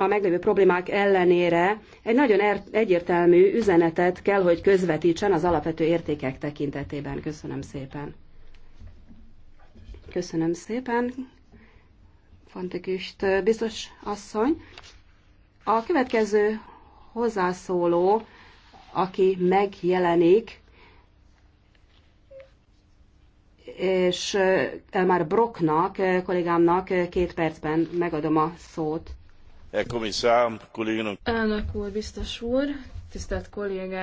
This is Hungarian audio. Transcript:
a meglévő problémák ellenére egy nagyon er- egyértelmű üzenetet kell, hogy közvetítsen az alapvető értékek tekintetében. Köszönöm szépen. Köszönöm szépen, Fantikist biztos asszony. A következő hozzászóló, aki megjelenik, és már Brocknak, kollégámnak két percben megadom a szót. Herr Kommissar, Kolleginnen und Elnök úr, biztos úr, tisztelt kollégák!